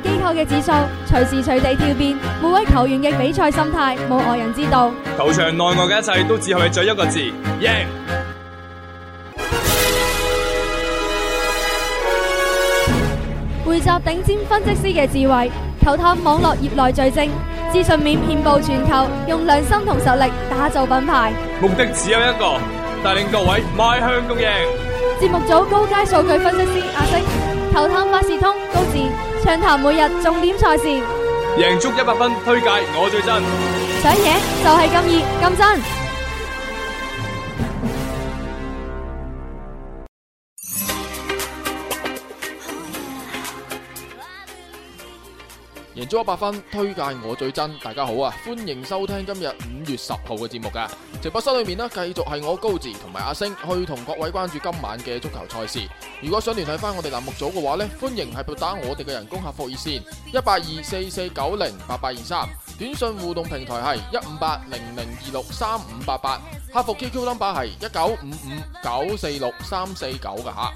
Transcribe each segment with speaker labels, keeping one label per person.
Speaker 1: 機構嘅指數隨時隨地跳變，每位球員嘅比賽心態冇外人知道。球場
Speaker 2: 內外嘅一切都只係在一個字：贏。
Speaker 1: 匯集頂尖分析師嘅智慧，球探網絡業內最精，資訊面遍布全球，用良心同實力打造品牌。
Speaker 2: 目的只有一個，帶領各位邁向共贏。
Speaker 1: 節目組高階數據分析師阿星。球探百事通，高智暢談每日重點賽事，
Speaker 2: 贏足 100FUN，推介我最真，
Speaker 1: 想贏就係咁熱咁
Speaker 2: 真。多啊八分，推介我最真。大家好啊，歡迎收聽今日五月十號嘅節目。噶直播室裏面呢，繼續係我高志同埋阿星去同各位關注今晚嘅足球賽事。如果想聯繫翻我哋欄目組嘅話呢，歡迎係撥打我哋嘅人工客服熱線一八二四四九零八八二三，23，短信互動平台係一五八零零二六三五八八，客服 QQ number 係一九五五九四六三四九噶
Speaker 1: 吓。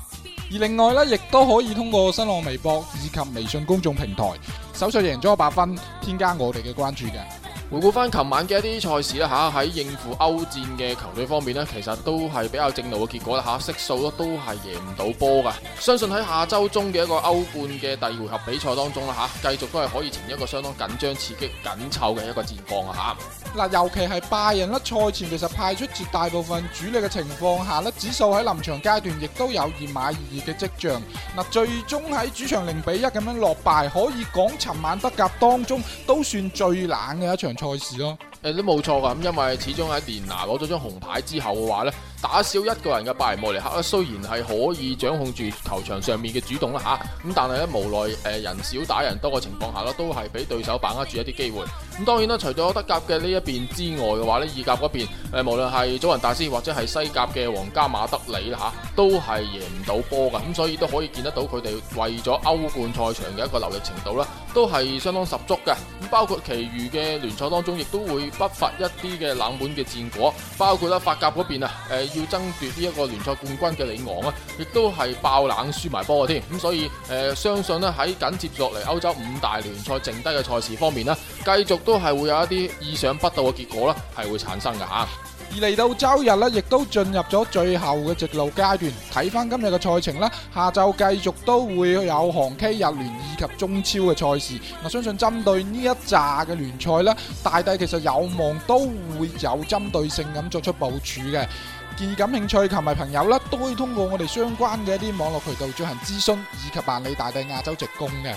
Speaker 1: 而另外呢，亦都可以通過新浪微博以及微信公眾平台，搜索“贏足 100FUN”，添加我哋嘅關注嘅。回顧翻琴晚嘅一啲賽事啦，吓喺
Speaker 2: 應付歐戰嘅球隊方面呢，其實都係比較正路嘅結果啦，吓色素都係贏唔到波噶。相信喺下周中嘅一個歐冠嘅第二回合比賽當中啦，吓繼續都係可以呈一個相當緊張、刺激、緊湊嘅一個戰況啊，吓
Speaker 1: 嗱，尤其係拜仁啦，賽前其實派出絕大部分主力嘅情況下呢，指數喺臨場階段亦都有二買二嘅跡象，嗱，最終喺主場零比一咁樣落敗，可以講琴晚德甲當中都算最冷嘅一場。賽事
Speaker 2: 咯，誒，都
Speaker 1: 冇錯噶，咁因為始
Speaker 2: 終喺連拿攞咗張紅牌之後嘅話咧。打少一個人嘅拜仁慕尼黑咧，雖然係可以掌控住球場上面嘅主動啦嚇，咁但係咧，無奈誒人少打人多嘅情況下咯，都係俾對手把握住一啲機會。咁當然啦，除咗德甲嘅呢一邊之外嘅話咧，意甲嗰邊誒無論係祖雲達斯或者係西甲嘅皇家馬德里啦嚇，都係贏唔到波㗎，咁所以都可以見得到佢哋為咗歐冠賽場嘅一個流力程度啦，都係相當十足嘅。咁包括其餘嘅聯賽當中，亦都會不乏一啲嘅冷門嘅戰果，包括啦法甲嗰邊啊誒。呃要爭奪呢一個聯賽冠軍嘅里昂啊，亦都係爆冷輸埋波嘅添，咁所以誒、呃，相信咧喺緊接落嚟歐洲五大聯賽剩低嘅賽事方面咧，繼續都係會有一啲意想不到嘅結果啦，係會產生噶吓。
Speaker 1: 而嚟到周日咧，亦都進入咗最後嘅直路階段，睇翻今日嘅賽程啦，下晝繼續都會有韓 K 日聯以及中超嘅賽事。我相信針對呢一紮嘅聯賽咧，大帝其實有望都會有針對性咁作出部署嘅。建議感興趣球迷朋友咧，都可以通過我哋相關嘅一啲網絡渠道進行諮詢以及辦理大地亞洲直供嘅。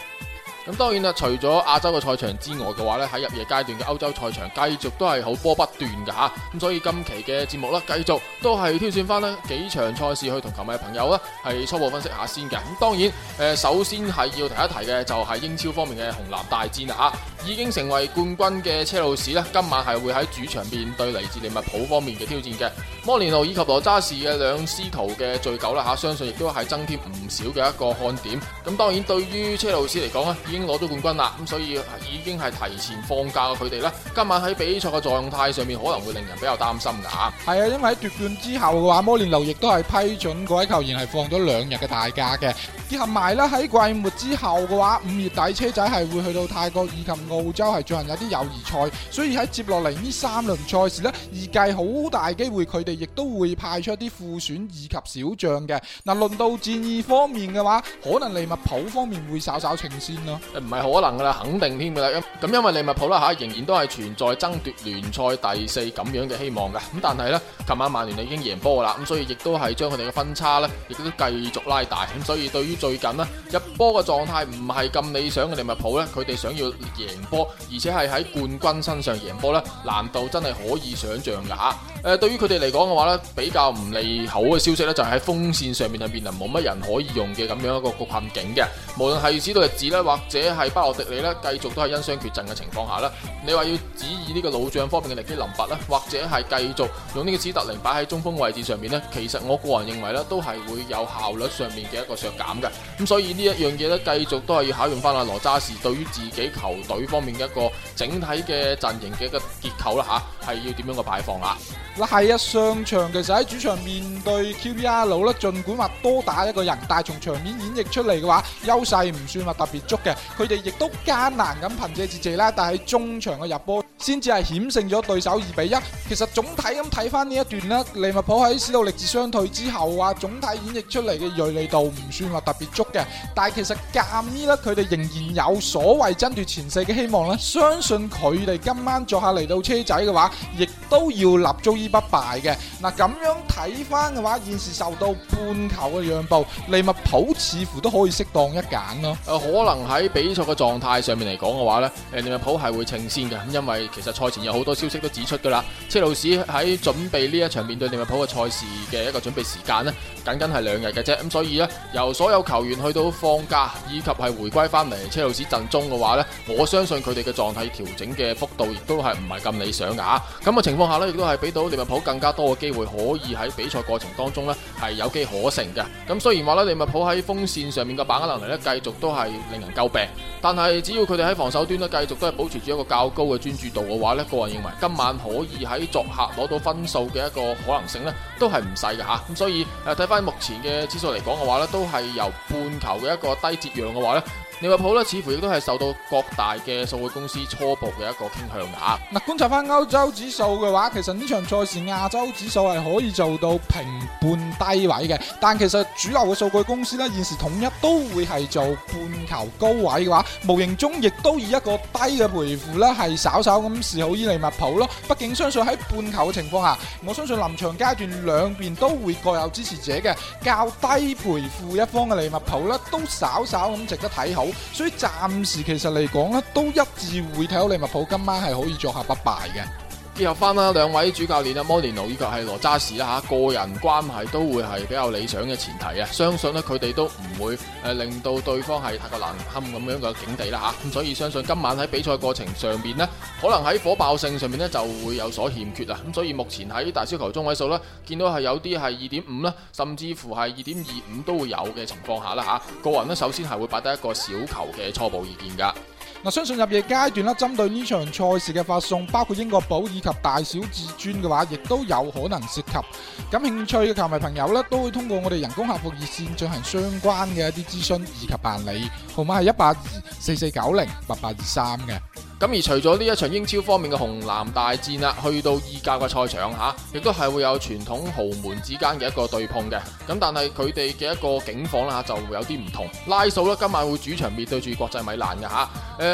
Speaker 2: 咁當然啦，除咗亞洲嘅賽場之外嘅話呢，喺入夜階段嘅歐洲賽場繼續都係好波不斷噶吓，咁所以今期嘅節目呢，繼續都係挑選翻呢幾場賽事去同球迷朋友呢係初步分析下先嘅。咁當然，誒、呃、首先係要提一提嘅就係英超方面嘅紅藍大戰啦吓，已經成為冠軍嘅車路士呢，今晚係會喺主場面對嚟自利物浦方面嘅挑戰嘅。摩連奴以及羅渣士嘅兩師徒嘅聚舊啦吓，相信亦都係增添唔少嘅一個看點。咁當然，對於車路士嚟講呢已經攞咗冠軍啦，咁所以已經係提前放假嘅佢哋呢，今晚喺比賽嘅狀態上面可能會令人
Speaker 1: 比較擔心噶。係啊，因為喺奪冠之後嘅話，摩連奴亦都係批准嗰位球員係放咗兩日嘅大假嘅。結合埋咧喺季末之後嘅話，五月底車仔係會去到泰國以及澳洲係進行一啲友誼賽，所以喺接落嚟呢三輪賽事呢，預計好大機會佢哋亦都會派出一啲副選以及小將嘅。嗱，輪到戰意方面嘅話，可能利物浦方面會稍稍清線咯。唔
Speaker 2: 係可能噶啦，肯定添噶啦。咁因為利物浦啦吓，仍然都係存在爭奪聯賽第四咁樣嘅希望噶。咁但係呢，琴晚曼聯已經贏波噶啦，咁所以亦都係將佢哋嘅分差呢亦都繼續拉大。咁所以對於最近呢入波嘅狀態唔係咁理想嘅利物浦呢，佢哋想要贏波，而且係喺冠軍身上贏波呢，難度真係可以想象噶吓。誒，對於佢哋嚟講嘅話呢，比較唔利好嘅消息呢，就係喺鋒線上面係變成冇乜人可以用嘅咁樣一個困境嘅。無論係知道日子呢。話。或者係巴洛迪利咧，繼續都係因傷缺陣嘅情況下啦。你話要指以呢個老將方面嘅力基林拔啦，或者係繼續用呢個史特靈擺喺中鋒位置上面，咧，其實我個人認為咧，都係會有效率上面嘅一個削減嘅。咁所以這一呢一樣嘢咧，繼續都係要考驗翻阿羅揸士對於自己球隊方面嘅一個整體嘅陣營嘅一個結構啦吓係要點樣嘅擺放
Speaker 1: 啊？嗱係啊，上場其實喺主場面對 QPR 老，儘管話多打一個人，但係從場面演繹出嚟嘅話，優勢唔算話特別足嘅。佢哋亦都艱難咁憑借自己啦，但係中場嘅入波先至係險勝咗對手二比一。其實總體咁睇翻呢一段咧，利物浦喺史度力自傷退之後啊，總體演繹出嚟嘅銳利度唔算話特別足嘅，但係其實夾呢，佢哋仍然有所謂爭奪前四嘅希望咧。相信佢哋今晚作下嚟到車仔嘅話，亦都要立足於不敗嘅。嗱，咁樣睇翻嘅話，現時受到半球嘅讓步，利物浦似乎都可以適當一揀咯。
Speaker 2: 誒，可能喺。比賽嘅狀態上面嚟講嘅話呢，誒利物浦係會稱先嘅，因為其實賽前有好多消息都指出噶啦，車路士喺準備呢一場面對利物浦嘅賽事嘅一個準備時間呢，僅僅係兩日嘅啫，咁所以呢，由所有球員去到放假以及係回歸翻嚟車路士陣中嘅話呢，我相信佢哋嘅狀態調整嘅幅度亦都係唔係咁理想㗎，咁嘅情況下呢，亦都係俾到利物浦更加多嘅機會，可以喺比賽過程當中呢係有機可乘嘅，咁雖然話呢，利物浦喺鋒線上面嘅把握能力呢，繼續都係令人詬病。但係只要佢哋喺防守端咧，繼續都係保持住一個較高嘅專注度嘅話呢，個人認為今晚可以喺作客攞到分數嘅一個可能性呢，都係唔細嘅吓。咁所以誒，睇翻目前嘅指數嚟講嘅話呢，都係由半球嘅一個低折讓嘅話呢。利物浦咧，似乎亦都係受到各大嘅數據公司初步嘅一個傾向啊！
Speaker 1: 嗱，觀察翻歐洲指數嘅話，其實呢場賽事亞洲指數係可以做到平半低位嘅，但其實主流嘅數據公司呢，現時統一都會係做半球高位嘅話，無形中亦都以一個低嘅賠付呢，係稍稍咁示好於利物浦咯。畢竟相信喺半球嘅情況下，我相信臨場階段兩邊都會各有支持者嘅，較低賠付一方嘅利物浦呢，都稍稍咁值得睇好。所以暫時其實嚟講咧，都一致會睇好利物浦今晚係可以作下不敗嘅。
Speaker 2: 結合翻啦，兩位主教練阿摩連奴以及係羅渣士啦，吓個人關係都會係比較理想嘅前提啊，相信呢，佢哋都唔會誒令到對方係太過難堪咁樣嘅境地啦，吓咁所以相信今晚喺比賽過程上邊呢，可能喺火爆性上面呢就會有所欠缺啦，咁所以目前喺大小球中位數呢，見到係有啲係二點五啦，甚至乎係二點二五都會有嘅情況下啦，吓個人呢，首先係會擺低一個小球嘅初步意見噶。
Speaker 1: 嗱，相信入夜階段啦，針對呢場賽事嘅發送，包括英國寶以及大小至尊嘅話，亦都有可能涉及。感興趣嘅球迷朋友呢，都會通過我哋人工客服熱線進行相關嘅一啲諮詢以及辦理，號碼係一八二四四九零八八二三嘅。
Speaker 2: 咁而除咗呢一場英超方面嘅紅藍大戰啦，去到意甲嘅賽場嚇，亦、啊、都係會有傳統豪門之間嘅一個對碰嘅。咁但係佢哋嘅一個景況啦，就會有啲唔同。拉數咧，今晚會主場面對住國際米蘭嘅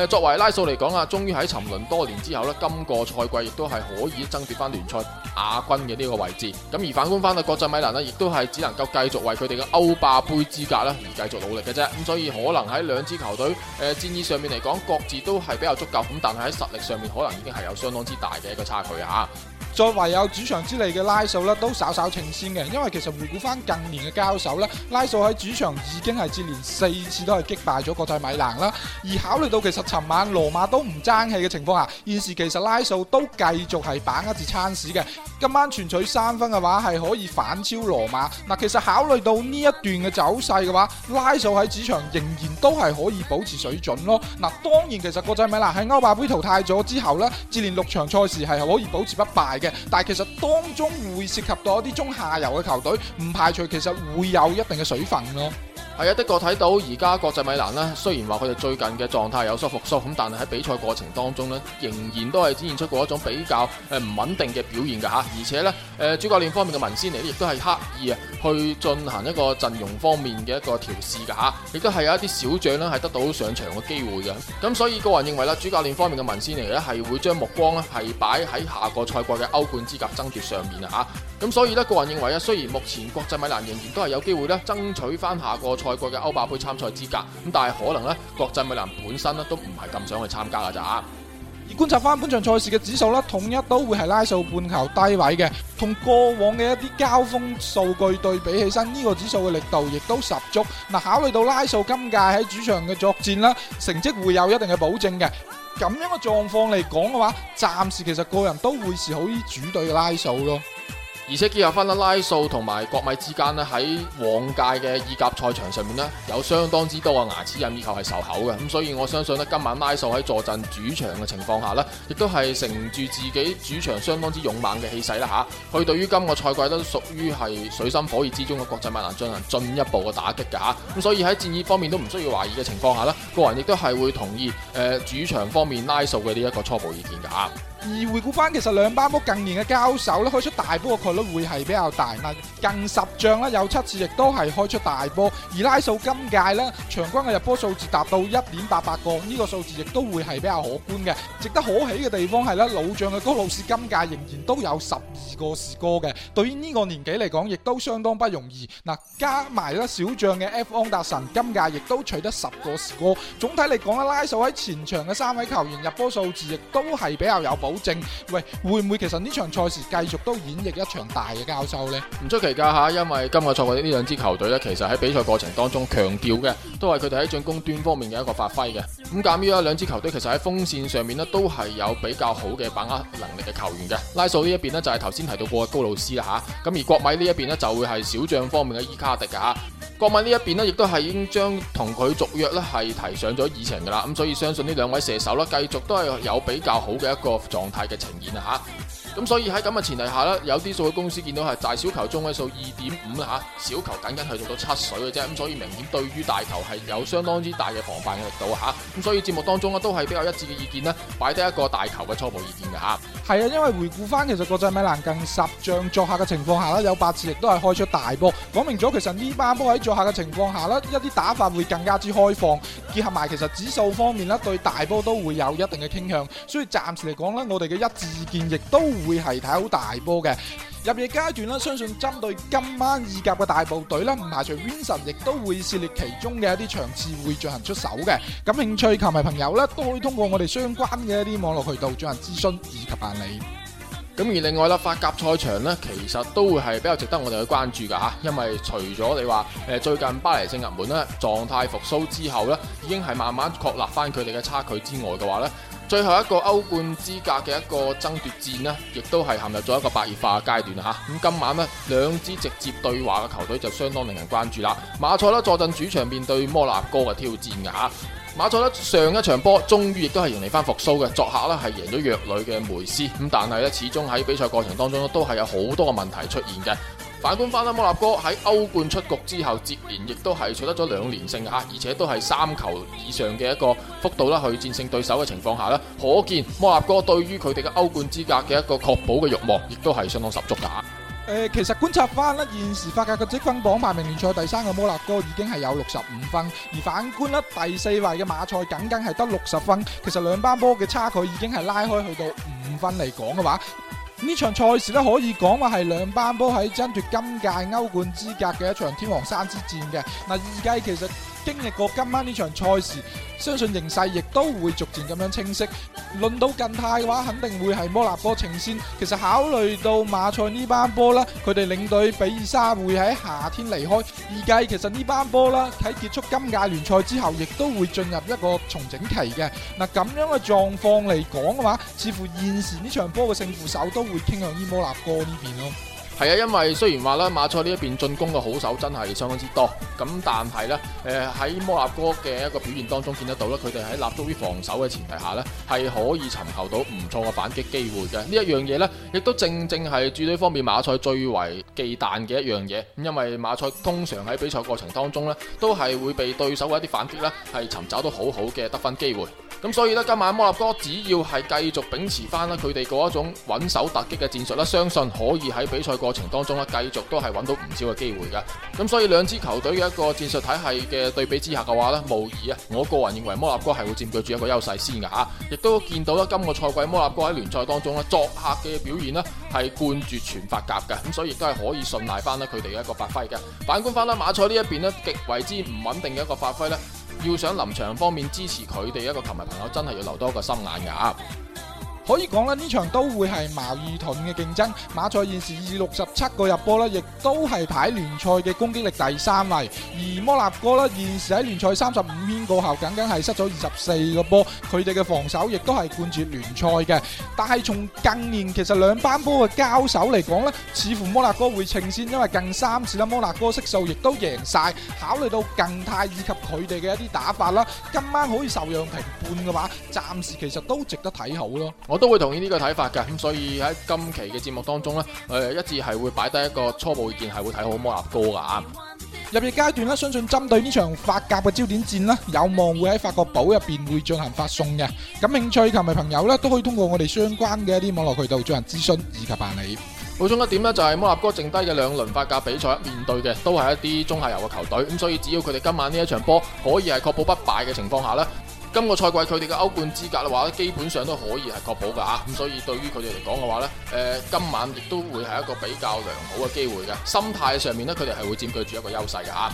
Speaker 2: 作為拉素嚟講啊，終於喺沉淪多年之後咧，今個賽季亦都係可以爭奪翻聯賽亞軍嘅呢個位置。咁而反觀翻啊國際米蘭呢，亦都係只能夠繼續為佢哋嘅歐霸盃資格呢而繼續努力嘅啫。咁所以可能喺兩支球隊誒，戰意上面嚟講，各自都係比較足夠。咁但係喺實力上面，可能已經係有相當之大嘅一個差距啊。
Speaker 1: 作為有主場之利嘅拉素咧，都稍稍稱先嘅，因為其實回顧翻近年嘅交手咧，拉素喺主場已經係接連四次都係擊敗咗國際米蘭啦。而考慮到其實尋晚羅馬都唔爭氣嘅情況下，現時其實拉素都繼續係把握住餐市嘅。今晚全取三分嘅話係可以反超羅馬，嗱。其實考慮到呢一段嘅走勢嘅話，拉素喺主場仍然都係可以保持水準咯。嗱，當然其實國際米蘭喺歐霸盃淘汰咗之後咧，接連六場賽事係可以保持不敗嘅。但其實當中會涉及到一啲中下游嘅球隊，唔排除其實會有一定嘅水分咯。
Speaker 2: 係啊，的確睇到而家國際米蘭咧，雖然話佢哋最近嘅狀態有所復蘇，咁但係喺比賽過程當中呢，仍然都係展現出過一種比較誒唔穩定嘅表現嘅吓。而且呢，誒主教練方面嘅文斯尼亦都係刻意啊去進行一個陣容方面嘅一個調試嘅吓，亦都係有一啲小將呢係得到上場嘅機會嘅。咁所以個人認為啦，主教練方面嘅文斯尼呢，係會將目光呢係擺喺下個賽季嘅歐冠資格爭奪上面啊吓。咁所以呢，個人認為啊，雖然目前國際米蘭仍然都係有機會呢爭取翻下個賽。外國嘅歐霸盃參賽資格，咁但係可能咧，國際米蘭本身咧都唔係咁想去參加噶咋。
Speaker 1: 而觀察翻本場賽事嘅指數咧，統一都會係拉素半球低位嘅，同過往嘅一啲交鋒數據對比起身，呢個指數嘅力度亦都十足。嗱，考慮到拉素今屆喺主場嘅作戰啦，成績會有一定嘅保證嘅。咁樣嘅狀況嚟講嘅話，暫時其實個人都會是好於主隊嘅拉素咯。
Speaker 2: 而且結合翻啦，拉素同埋國米之間呢，喺往屆嘅意甲賽場上面呢，有相當之多嘅牙齒印以及係仇口嘅，咁所以我相信呢，今晚拉素喺坐鎮主場嘅情況下呢，亦都係乘住自己主場相當之勇猛嘅氣勢啦吓，佢對於今個賽季都屬於係水深火熱之中嘅國際米蘭進行進一步嘅打擊㗎吓，咁所以喺戰意方面都唔需要懷疑嘅情況下呢，個人亦都係會同意誒、呃、主場方面拉素嘅呢一個初步意見㗎吓。
Speaker 1: 而回顧翻，其實兩班波近年嘅交手咧，開出大波嘅概率會係比較大。嗱，近十仗咧有七次亦都係開出大波，而拉素今屆咧，場均嘅入波數字達到一點八八個，呢個數字亦都會係比較可觀嘅。值得可喜嘅地方係咧，老將嘅高盧士今屆仍然都有十二個士哥嘅，對於呢個年紀嚟講，亦都相當不容易。嗱，加埋咧小將嘅 F 安達臣今屆亦都取得十個士哥。總體嚟講咧，拉素喺前場嘅三位球員入波數字亦都係比較有保。保證喂，會唔會其實呢場賽事繼續都演繹一場大嘅交手呢？
Speaker 2: 唔出奇噶吓，因為今個賽季呢兩支球隊呢，其實喺比賽過程當中強調嘅，都係佢哋喺進攻端方面嘅一個發揮嘅。咁鑒於啊，兩支球隊其實喺鋒線上面呢，都係有比較好嘅把握能力嘅球員嘅。拉素呢一邊呢，就係頭先提到過嘅高路斯啦吓，咁而國米呢一邊呢，就會係小將方面嘅伊卡迪噶吓。國米呢一邊呢，亦都係已經將同佢續約呢係提上咗議程噶啦，咁所以相信呢兩位射手啦，繼續都係有比較好嘅一個狀態嘅呈現吓。咁所以喺咁嘅前提下咧，有啲數嘅公司見到係大小球中位數二點五啦嚇，小球僅僅去到到七水嘅啫，咁所以明顯對於大球係有相當之大嘅防範嘅力度嚇。咁、啊、所以節目當中咧都係比較一致嘅意見咧，擺低一個大球嘅初步意見嘅嚇。
Speaker 1: 係啊，啊，因為回顧翻其實國際米蘭近十仗作客嘅情況下咧，有八次亦都係開出大波，講明咗其實呢班波喺作客嘅情況下咧，一啲打法會更加之開放，結合埋其實指數方面咧，對大波都會有一定嘅傾向，所以暫時嚟講咧，我哋嘅一致意見亦都。會係睇好大波嘅入夜階段啦。相信針對今晚意甲嘅大部隊啦，唔排除 Vincent 亦都會涉獵其中嘅一啲場次會進行出手嘅。感興趣球迷朋友咧，都可以通過我哋相關嘅一啲網絡渠道進行諮詢以及辦理。
Speaker 2: 咁而另外啦，法甲賽場呢，其實都會係比較值得我哋去關注噶吓，因為除咗你話誒最近巴黎聖日門咧狀態復甦之後呢，已經係慢慢確立翻佢哋嘅差距之外嘅話呢。最後一個歐冠資格嘅一個爭奪戰咧，亦都係陷入咗一個白熱化嘅階段吓。咁今晚咧，兩支直接對話嘅球隊就相當令人關注啦。馬賽咧坐鎮主場面對摩納哥嘅挑戰噶吓。馬賽咧上一場波終於亦都係迎嚟翻復甦嘅，作客咧係贏咗弱旅嘅梅斯。咁但係咧，始終喺比賽過程當中都係有好多嘅問題出現嘅。反觀翻啦，摩納哥喺歐冠出局之後，接連亦都係取得咗兩連勝啊！而且都係三球以上嘅一個幅度啦，去戰勝對手嘅情況下呢，可見摩納哥對於佢哋嘅歐冠資格嘅一個確保嘅慾望，亦都係相當十足噶。
Speaker 1: 誒，其實觀察翻啦，現時法甲嘅積分榜排名聯賽第三嘅摩納哥已經係有六十五分，而反觀啦，第四位嘅馬賽僅僅係得六十分，其實兩班波嘅差距已經係拉開去到五分嚟講嘅話。呢場賽事咧，可以講話係兩班波喺爭奪今屆歐冠資格嘅一場天王山之戰嘅，嗱，而家其實。經歷過今晚呢場賽事，相信形勢亦都會逐漸咁樣清晰。論到近態嘅話，肯定會係摩納哥稱先。其實考慮到馬賽呢班波啦，佢哋領隊比爾沙會喺夏天離開，預計其實呢班波啦，喺結束今屆聯賽之後，亦都會進入一個重整期嘅。嗱咁樣嘅狀況嚟講嘅話，似乎現時呢場波嘅勝負手都會傾向於摩納哥呢邊咯。
Speaker 2: 係啊，因為雖然話咧馬賽呢一邊進攻嘅好手真係相當之多，咁但係呢，誒喺摩納哥嘅一個表現當中見得到咧，佢哋喺立足於防守嘅前提下呢係可以尋求到唔錯嘅反擊機會嘅。呢一樣嘢呢，亦都正正係主隊方面馬賽最為忌憚嘅一樣嘢，咁因為馬賽通常喺比賽過程當中呢，都係會被對手嘅一啲反擊呢，係尋找到好好嘅得分機會。咁所以咧，今晚摩納哥只要係繼續秉持翻佢哋嗰一種穩守突擊嘅戰術咧，相信可以喺比賽過程當中咧，繼續都係揾到唔少嘅機會嘅。咁所以兩支球隊嘅一個戰術體系嘅對比之下嘅話咧，無疑啊，我個人認為摩納哥係會佔據住一個優勢先㗎，吓。亦都見到咧，今個賽季摩納哥喺聯賽當中咧，作客嘅表現呢係冠絕全法甲嘅。咁所以亦都係可以信賴翻咧，佢哋嘅一個發揮嘅。反觀翻咧，馬賽呢一邊咧，極為之唔穩定嘅一個發揮咧。要想臨場方面支持佢哋一個球迷朋友，真係要留多
Speaker 1: 個心眼噶。可以講啦，呢場都會係矛與盾嘅競爭。馬賽現時以六十七個入波呢，亦都係排聯賽嘅攻擊力第三位。而摩納哥呢，現時喺聯賽三十五圈過後，僅僅係失咗二十四個波，佢哋嘅防守亦都係冠絕聯賽嘅。但係從近年其實兩班波嘅交手嚟講呢，似乎摩納哥會稱先，因為近三次啦，摩納哥色數亦都贏晒。考慮到近態以及佢哋嘅一啲打法啦，今晚可以受讓平半嘅話，暫時其實都值得睇好咯。
Speaker 2: 我都會同意呢個睇法嘅，咁所以喺今期嘅節目當中呢誒、呃，一致係會擺低一個初步意見，係會睇好摩納哥噶。
Speaker 1: 入夜階段呢，相信針對呢場法甲嘅焦點戰呢，有望會喺法國堡入邊會進行發送嘅。感興趣球迷朋友呢，都可以通過我哋相關嘅一啲網絡渠道進行諮詢以及辦理。補
Speaker 2: 充一點呢，就係、是、摩納哥剩低嘅兩輪法甲比賽，面對嘅都係一啲中下游嘅球隊，咁所以只要佢哋今晚呢一場波可以係確保不敗嘅情況下呢今個賽季佢哋嘅歐冠資格嘅話基本上都可以係確保㗎吓。咁所以對於佢哋嚟講嘅話咧，誒、呃，今晚亦都會係一個比較良好嘅機會嘅，心態上面咧，佢哋係會佔據住一個優勢㗎吓。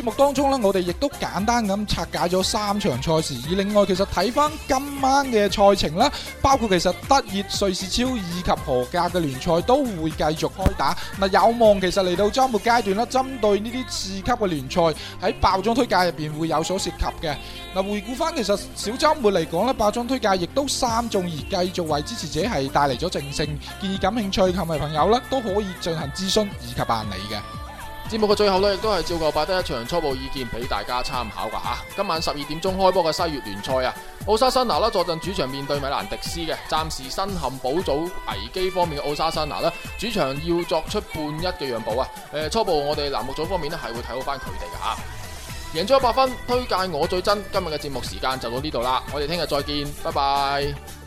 Speaker 1: 節目當中咧，我哋亦都簡單咁拆解咗三場賽事。而另外，其實睇翻，今晚嘅賽程啦，包括其實德乙、瑞士超以及荷甲嘅聯賽都會繼續開打。嗱，有望其實嚟到周末階段咧，針對呢啲次級嘅聯賽喺爆莊推介入邊會有所涉及嘅。嗱，回顧翻其實小周末嚟講咧，爆莊推介亦都三中二繼續為支持者係帶嚟咗正勝。建議感興趣球迷朋友啦，都可以進行諮詢以及辦理嘅。
Speaker 2: 節目嘅最後呢，亦都係照舊擺得一場初步意見俾大家參考噶吓。今晚十二點鐘開波嘅西乙聯賽啊，奧沙辛拿啦坐鎮主場面對米蘭迪斯嘅，暫時身陷保組危機方面嘅奧沙辛拿啦，主場要作出半一嘅讓步啊。誒、呃，初步我哋欄目組方面咧係會睇好翻佢哋噶吓，贏咗一百分，推介我最真。今日嘅節目時間就到呢度啦，我哋聽日再見，拜拜。